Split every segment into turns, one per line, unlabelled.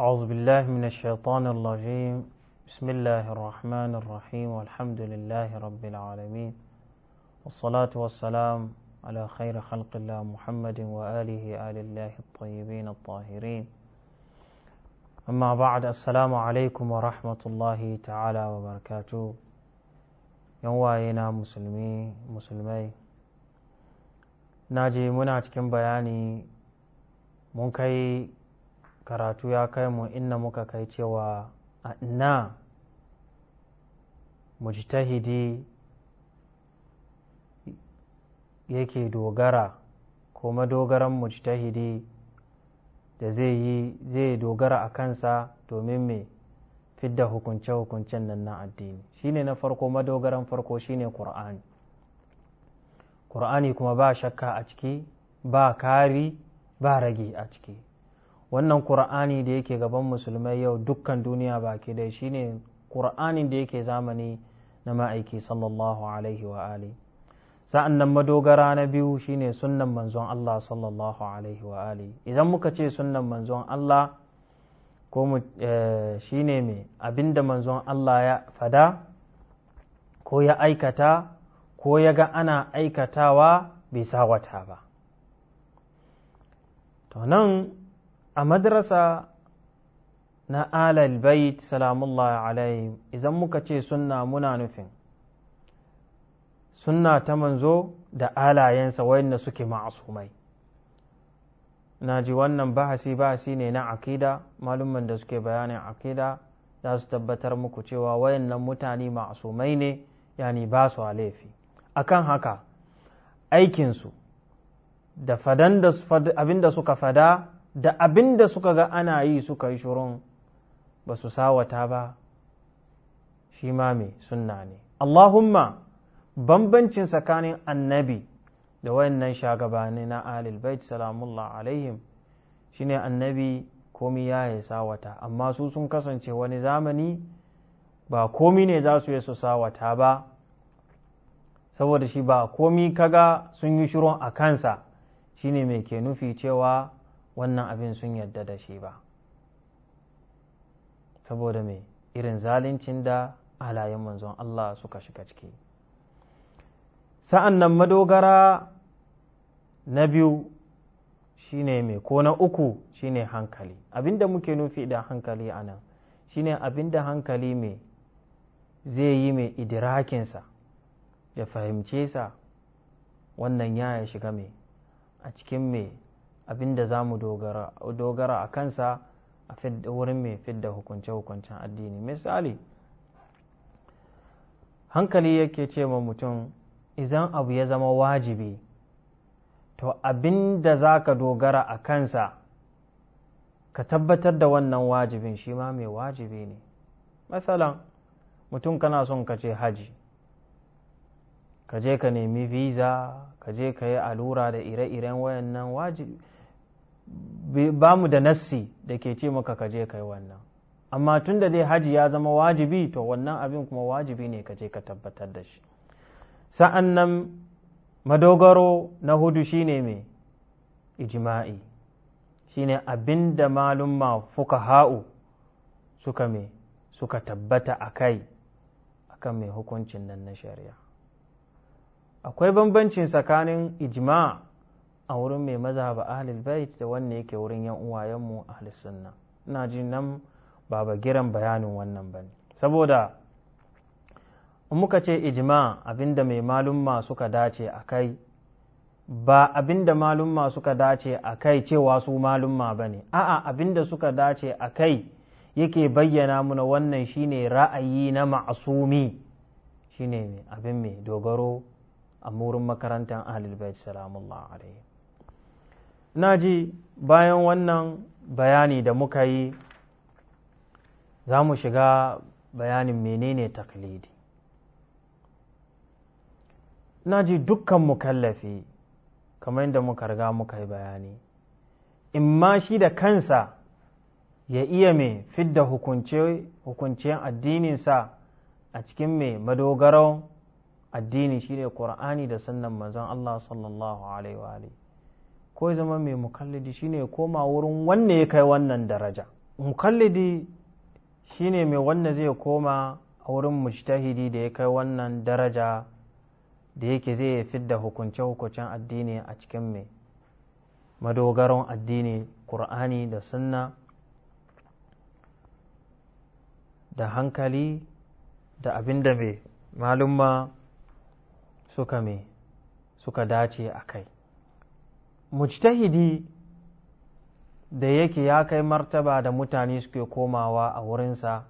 أعوذ بالله من الشيطان الرجيم بسم الله الرحمن الرحيم والحمد لله رب العالمين والصلاة والسلام على خير خلق الله محمد وآله آل الله الطيبين الطاهرين أما بعد السلام عليكم ورحمة الله تعالى وبركاته يوائنا مسلمي مسلمي ناجي منا cikin bayani mun kai karatu ya kai mu inna muka kai cewa a mujtahidi yake dogara ko madogaran mujtahidi da zai yi zai dogara a kansa domin mai fidda hukunce-hukuncen nan na addini shine na farko madogaran farko shine qur'ani qur'ani kuma ba shakka a ciki ba kari ba rage a ciki wannan ƙur'ani da yake gaban musulmai yau dukkan duniya baki dai shine ƙur'anin da yake zamani na ma'aiki sallallahu alaihi wa ali sa'an nan madogara na biyu shine sunnan manzon Allah sallallahu alaihi wa ali idan muka ce sunnan manzon Allah ko mu eh, shine abin abinda manzon Allah ya fada ko ya aikata ko ya ga ana aikatawa bai sawata ba to nan a madrasa na alal bait salamullah Alayhi, idan muka ce sunna muna nufin sunna ta manzo da alayensa wayanda suke ma'asumai na ji wannan bahasi bahasi ne na akida malumman da suke bayanin akida za su tabbatar muku cewa wayannan mutane ma'asumai ne yani ba su laifi akan haka aikinsu da abinda suka fada da abin da suka ga ana yi suka yi shurun ba su sawata ba shi ma mai sunna ne Allahumma bambancin tsakanin annabi da wayannan shagabani na alil bait salamullah alaihim shine annabi komi ya yi sawata amma su sun kasance wani zamani ba komi ne za su yi su sawata ba saboda shi ba komi kaga sun yi shirin a kansa shine mai ke nufi cewa wannan abin sun yarda da shi ba saboda mai irin zalincin da halayen manzon Allah suka shiga ciki sa'an nan madogara na biyu shine mai ko na uku shine hankali abin da muke nufi da hankali a nan abin da hankali mai zai yi mai idirakinsa ya fahimce sa wannan ya shiga mai a cikin mai abinda za mu dogara a kansa a wurin mai fidda hukunce-hukuncen addini misali hankali yake ce ma mutum idan abu ya zama wajibi to abinda za ka dogara a kansa ka tabbatar da wannan wajibin shi ma mai wajibi ne matsalan mutum kana son ka ce haji ka je ka nemi visa ka je ka yi alura da ire-iren wayannan wajibi ba mu da nassi da ke ce maka ka je kai wannan amma tun da dai haji ya zama wajibi to wannan abin kuma wajibi ne ka je ka tabbatar da shi sa'an nan madogaro na hudu shine mai ijima'i shine abin da malumma fuka ha'u suka mai suka tabbata a kai akan mai hukuncin nan na shari'a akwai bambancin tsakanin ijima'a. a wurin mai mazhab ahlul bait da wanda yake wurin yan uwayenmu ahlus sunna ina ji nan ba giran bayanin wannan bane saboda in muka ce ijma abinda mai ma suka dace a kai ba abinda ma suka dace a kai cewa su malumma ba ne a'a abinda suka dace a kai yake bayyana muna wannan shine ra'ayi na ma'asumi shine abin mai dogaro a murin makarantar ahlul bait salamullah alaihi na ji bayan wannan bayani da muka yi za mu shiga bayanin menene taklidi na ji dukkan mukallafi kamar yadda muka riga muka yi bayani in ma shi da kansa ya iya mai fidda hukuncen addininsa a cikin mai madogaron addini shi ne ƙur'ani da sannan manzon Allah sallallahu alaihi wa ko zama mai mukallidi shine ya koma wurin wanne ya kai wannan daraja mukallidi shine mai wanne zai koma a wurin mujtahidi da ya kai wannan daraja da yake zai fidda hukunce-hukuncen addini a cikin mai madogaron addini ƙur'ani da sunna da hankali da abin da mai malumma suka mai suka dace a kai mujtahidi da yake ya kai martaba da mutane suke komawa a wurinsa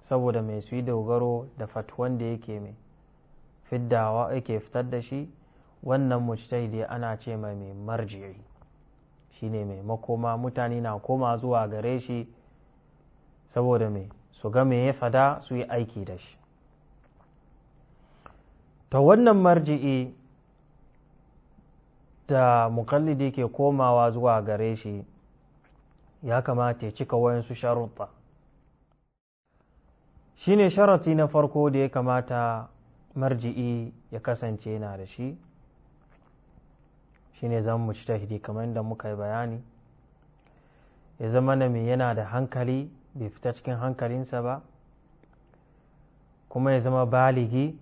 saboda mai su yi dogaro da fatuwan da yake mai fiddawa yake fitar da shi wannan mujtahidi ana ce mai mai shi ne mai makoma mutane na koma zuwa gare shi saboda mai su ga mai ya fada su yi aiki da shi ta wannan marji'i da mukallidi ke komawa zuwa gare shi ya kamata ya cika wayansu sharuɗa shi ne sharati na farko da ya kamata marji'i ya kasance yana da shi shi ne zan mu ci tahidi kamar yadda muka yi bayani ya zama na mai yana da hankali bai fita cikin hankalinsa ba kuma ya zama baligi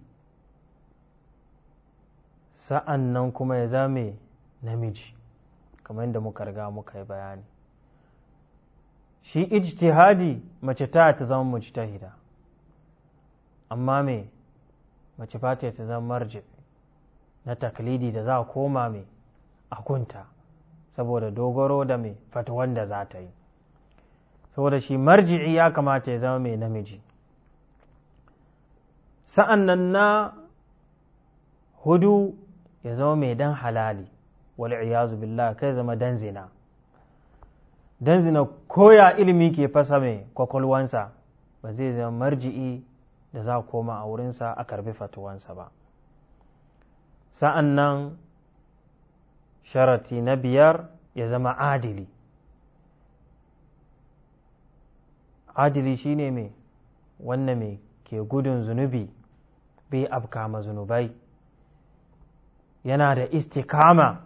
sa'an nan kuma ya zame namiji kamar yadda muka riga muka yi bayani shi ijtihadi mace ta ta zama mujtahida amma me mace ba ta zama marji na taklidi da za a koma me a kunta saboda dogoro da me fatuwan da za ta yi saboda shi marji'i ya kamata ya zama mai namiji sa'an nan na hudu ya zama mai dan halali wal'iyazu billah kai zama danzina danzina koya ilimi ke fasa mai kwakwalwansa ba zai zama marji'i da za koma a wurinsa a karbi fatuwansa ba sa'an nan sharati na biyar ya zama adili adili shine mai wannan mai ke gudun zunubi bai afkama zunubai yana da istikama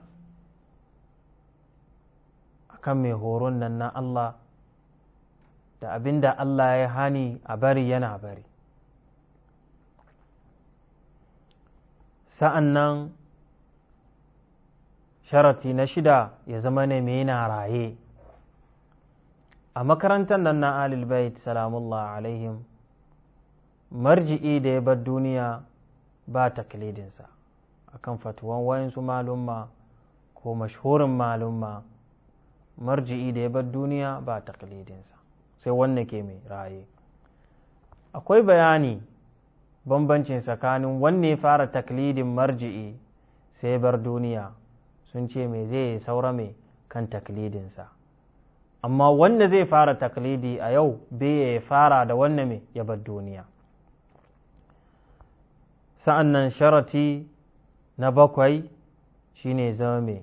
kan mai horon nan na Allah da abinda Allah ya hani a bari yana bari sa'an nan sharati na shida ya zama ne mai yana raye a makarantar nan na alilbait salamullah alaihim marji'i da ya bar duniya ba taklidinsa akan fatuwan wayansu malumma ko mashhurin malumma marji'i da ya bar duniya ba taklidinsa sai wannan ke mai raye akwai bayani bambancin tsakanin wanne fara taklidin marji'i sai bar duniya sun ce mai zai saura mai kan taklidinsa amma wanda zai fara taklidi a yau bai ya fara da wannan mai ya bar duniya sa'an nan sharati na bakwai shine zama mai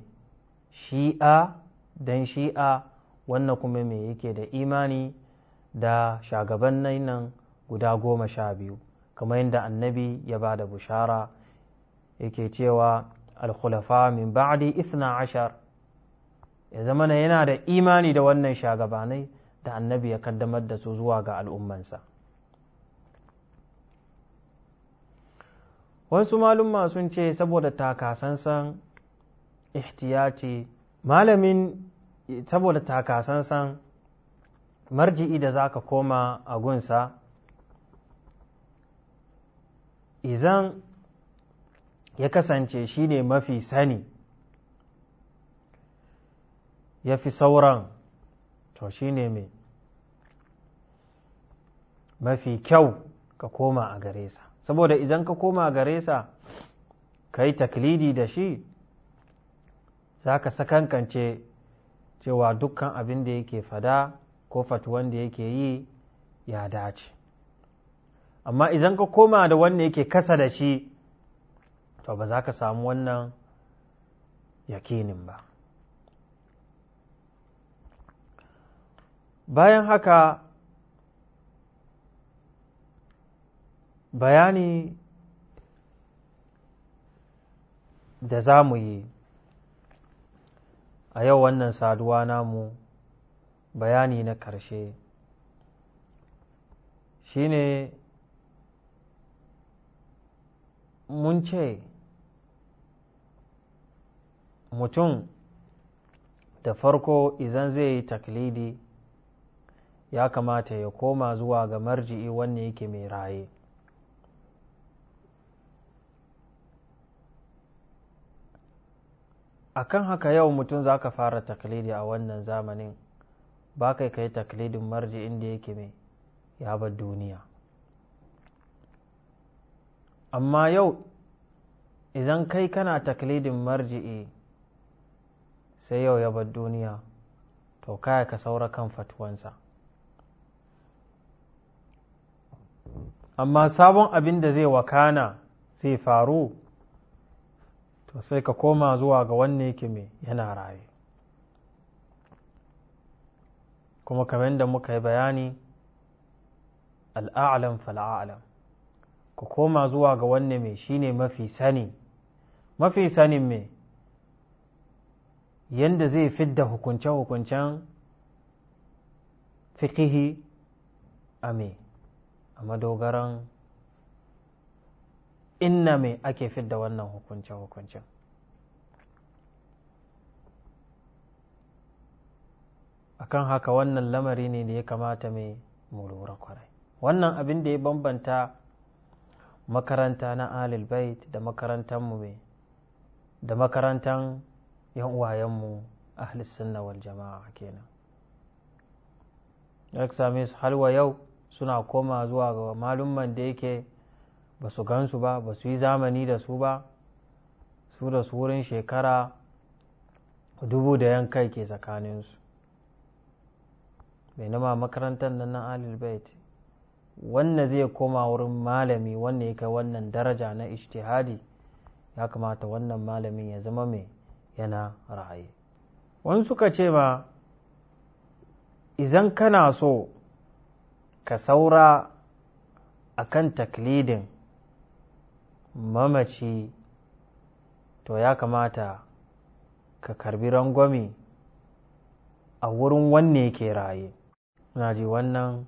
shi'a dan shi'a wannan kuma mai yake da imani da shagabannin nan guda goma sha biyu kamar yadda annabi ya ba da bushara yake cewa alkhulafa min ba'di ithna ashar ya zama na yana da imani da wannan shagabanai da annabi ya kaddamar da su zuwa ga al'ummansa wasu malumma sun ce saboda takasansan ihtiyaci malamin saboda takasansan marji'i da za ka koma a gunsa izan ya kasance shi ne mafi sani ya fi sauran to shi ne mai mafi kyau ka koma a gare sa saboda idan ka koma a gare sa ka yi taklidi da shi za ka sakankance cewa dukkan abin da yake fada ko fatuwan da yake yi ya dace amma idan ka koma da wanda yake kasa da shi to ba za ka samu wannan yakinin ba bayan haka bayani da za mu yi a yau wannan saduwa namu bayani na ƙarshe shine mun ce mutum da farko idan zai yi taklidi ya kamata ya koma zuwa ga marji'i wanne yake mai raye akan haka yau mutum za ka fara taklidi a wannan zamanin ba kai ka yi taklidin marji inda yake mai ya bar duniya amma yau idan kai kana taklidin marji'i sai yau ya bar duniya to kaya ka saura kan fatuwansa amma sabon abin da zai wakana zai faru to sai ka koma zuwa ga wanne yake mai yana raye kuma kamar da muka yi bayani al'alam fal'alam ka koma zuwa ga wanne mai shine mafi sani mafi sanin mai yadda zai fidda hukunce-hukuncen fikihi a mai a madogaran inna mai ake da wannan hukuncin hukuncin akan haka wannan lamari ne da ya kamata mai lura kwarai wannan abin da ya bambanta makaranta na alil bait da makarantanmu mai da makarantan yan uwayenmu ahlis sunna wal jama'a kenan ya same su halwa yau suna koma zuwa ga malumman da yake ba su su ba ba su yi zamani da su ba su da wurin shekara dubu da yan kai ke tsakaninsu mai nama makarantar nan na alilbait wanda zai koma wurin malami wanda ya kai wannan daraja na ishtihadi ya kamata wannan malamin ya zama mai yana ra'ayi wani suka ce ma izan kana so ka saura akan taklidin mamaci to ya kamata ka karbi rangwami a wurin wanne ke raye na ji wannan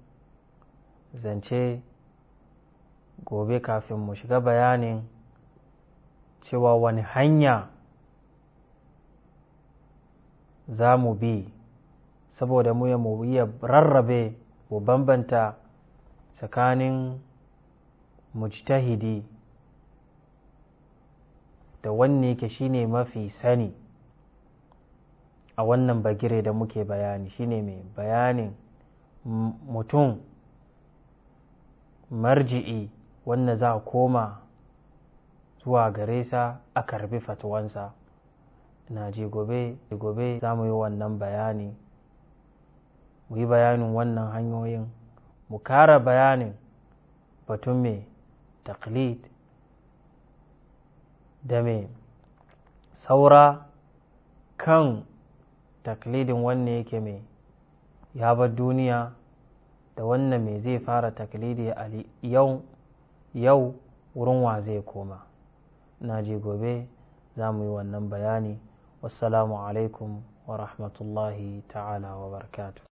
zance gobe kafin mu shiga bayanin cewa wani hanya za mu bi saboda mu ya iya rarrabe mu bambanta tsakanin mujtahidi da wanne yake shine mafi sani a wannan bagire da muke bayani shine mai bayanin mutum marji'i wanda za a koma zuwa gare sa a karbi fatuwansa na gobe gobe za mu yi wannan bayani mu yi bayanin wannan hanyoyin mu kara bayanin batun mai taklid da mai saura kan taklidin wanne yake mai ya bar duniya da wannan mai zai fara taklidi yau yau wurin wa zai koma na ji gobe za mu yi wannan bayani wassalamu alaikum wa rahmatullahi ta'ala wa barakatuh